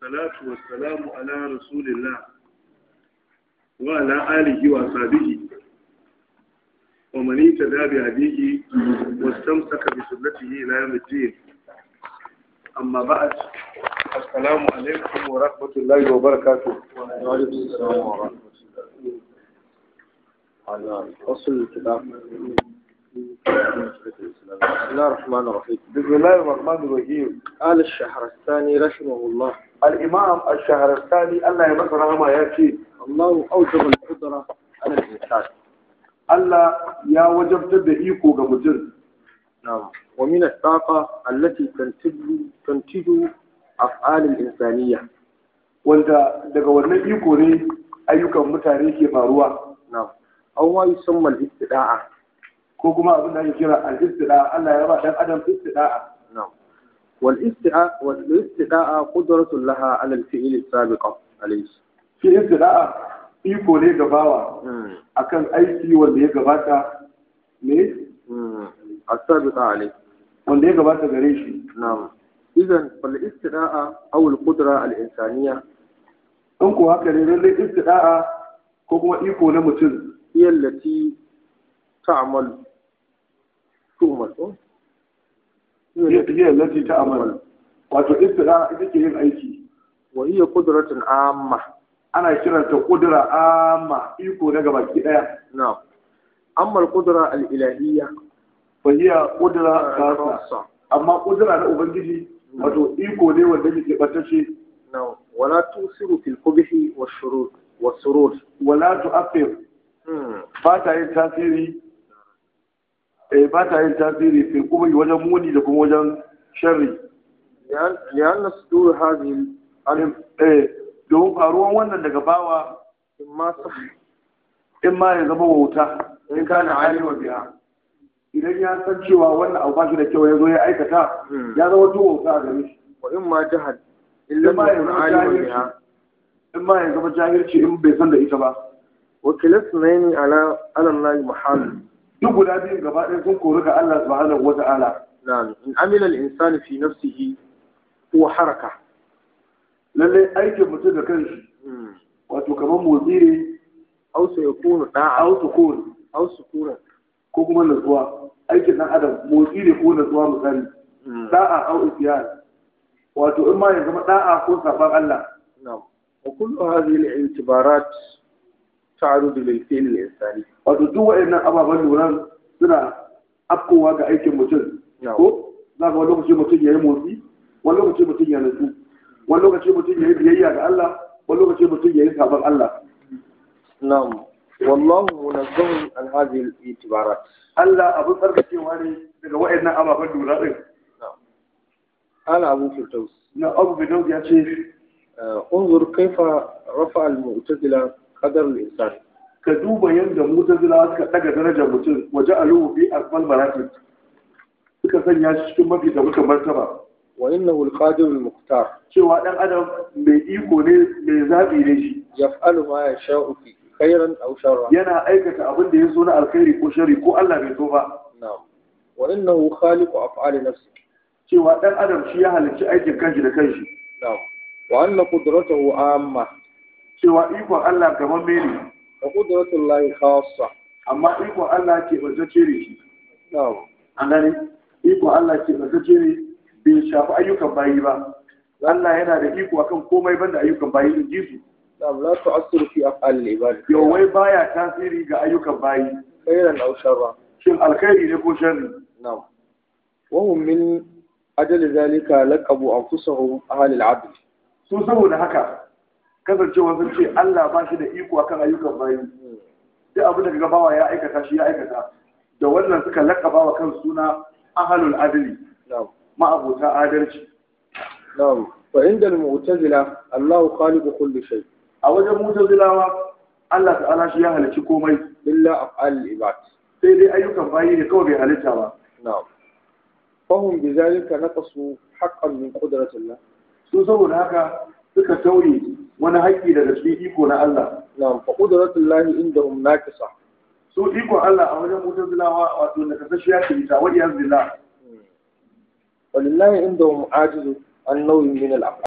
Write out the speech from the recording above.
salatu wa salamu ala rasulillah wa ala alihi wa sabihi wa mani ta zabi abihi wa samsaka bi sunnatihi ila yamuddin amma ba'd assalamu alaikum wa rahmatullahi wa barakatuh wa alaikum assalam wa rahmatullahi wa barakatuh ala asl kitab بسم الله الرحمن الرحيم بسم الله الرحمن الرحيم قال الشهرستاني رحمه الله الإمام الشهرستاني الله يمسر ما يأتي الله أوجب القدرة على الإنسان الله يا وجب تدعيكو قبجر نعم ومن الطاقة التي تنتج تنتج أفعال الإنسانية wanda daga wannan iko ne ayyukan mutane ke faruwa na'am an wa yusamma al-istida'a ko kuma abin da ake kira al-istida'a Allah ya ba dan adam istida'a wal istida'a wal istida'a qudratul laha ala al-fi'l as-sabiq alayhi fi istida'a iko ne gabawa hmm. akan aiki wanda ya gabata ne hmm. as-sabiq alayhi wanda ya gabata gare shi na'am idan fal istida'a aw al-qudra al-insaniya in ko haka ne lalle istida'a ko kuma iko na mutum iyallati ta'malu hiya lati ta amara wato istidara ita yin aiki wa iya qudratun amma ana kiranta kudura amma iko na gabaki daya na'am amma al-qudra al-ilahiyya fa hiya qudra khassa amma kudura na ubangiji wato iko ne wanda yake batacce na'am wala tusiru fil qubhi wa shurur was-surur wala tu'athir hmm. ba ta yin tasiri Eh, ba ta yin tasiri fil kubai wajen muni da kuma wajen sharri li'anna sudur hadhihi alim eh domin faruwan wannan daga bawa in ma in ma ya zama wauta eh, in hali wa biya. idan ya san cewa wannan abu da kyau ya zo ya aikata hmm. ya zama duk wauta a gare shi wa in ma jahal in ma ya zama jahilci in ma ya zama jahilci in bai san da ita ba wa kilas na yin ala yi muhammadu. duk guda biyun gaba ɗaya sun kori ga Allah subhanahu wa ta'ala na'am in amila al-insanu fi nafsihi huwa haraka lalle aikin mutum da kanshi hmm. wato kamar motsi ne aw sayakunu da'a aw sukun aw sukun ko kuma nutsuwa aikin dan adam motsi ne ko nutsuwa misali hmm. da'a aw isyan wato in ma ya zama da'a ko sabon Allah na'am wa kullu hadhihi al-i'tibarat ta'arudu da fi'l ya sani. wato duk waɗannan ababen lura suna afkowa ga aikin mutum ko za ka wani lokaci mutum ya yi motsi wani lokaci mutum ya nutsu wani lokaci mutum ya yi biyayya ga Allah wani lokaci mutum ya yi sabon Allah na'am wallahu munazzahun an hadhihi al itibarat Allah abin tsarkakewa ne daga waɗannan ababen lura din ala abu firdaus na abu firdaus ya ce انظر كيف رفع المعتزلة qadarul insan ka duba yadda mutazila suka daga darajar mutum waje aluhu fi asmal maratib suka sanya shi cikin mafi da muka martaba wa innahu alqadirul muqtar cewa dan adam mai iko ne mai zabi ne shi yaf'alu ma yasha'u fi khairan aw sharran yana aikata abin da yaso na alkhairi ko shari ko Allah bai so ba na'am wa innahu khaliqu af'ali nafsi cewa dan adam shi ya halicci aikin kanshi da kanshi na'am wa anna qudratuhu amma cewa ikon Allah gaban mene da kudratul layi khassa amma ikon Allah ke bazace ne shi an gani ikon Allah ke bazace ne bai shafi ayyukan bayi ba Allah yana da iko akan komai banda ayyukan bayi na ji su na'am la tu'assiru fi af'al ibad wai baya tasiri ga ayyukan bayi khairan aw sharra shin alkhairi ne ko sharri na'am wa hum min ajali zalika laqabu anfusahum ahli al-'adl su saboda haka kasancewa sun ce Allah ba shi da iko akan ayyukan bayi duk abin da kaga ya aikata shi ya aikata da wannan suka lakaba wa kan suna ahalul adli ma'abota adalci na'am fa inda mu'tazila Allahu khaliqu kulli shay a wajen mu'tazilawa Allah ta'ala shi ya halici komai illa af'al ibad sai dai ayyukan bayi ne kawai bai halitta ba na'am fahum bizalika naqasu haqqan min qudratillah su saboda haka suka tauye wani haƙƙi daga cikin iko na Allah na'am fa qudratul lahi indahum naqisa So iko Allah a wajen mutazilawa wato na da kasashiya ce ta wadi azbillah walillahi indahum ajizu an nauyin min al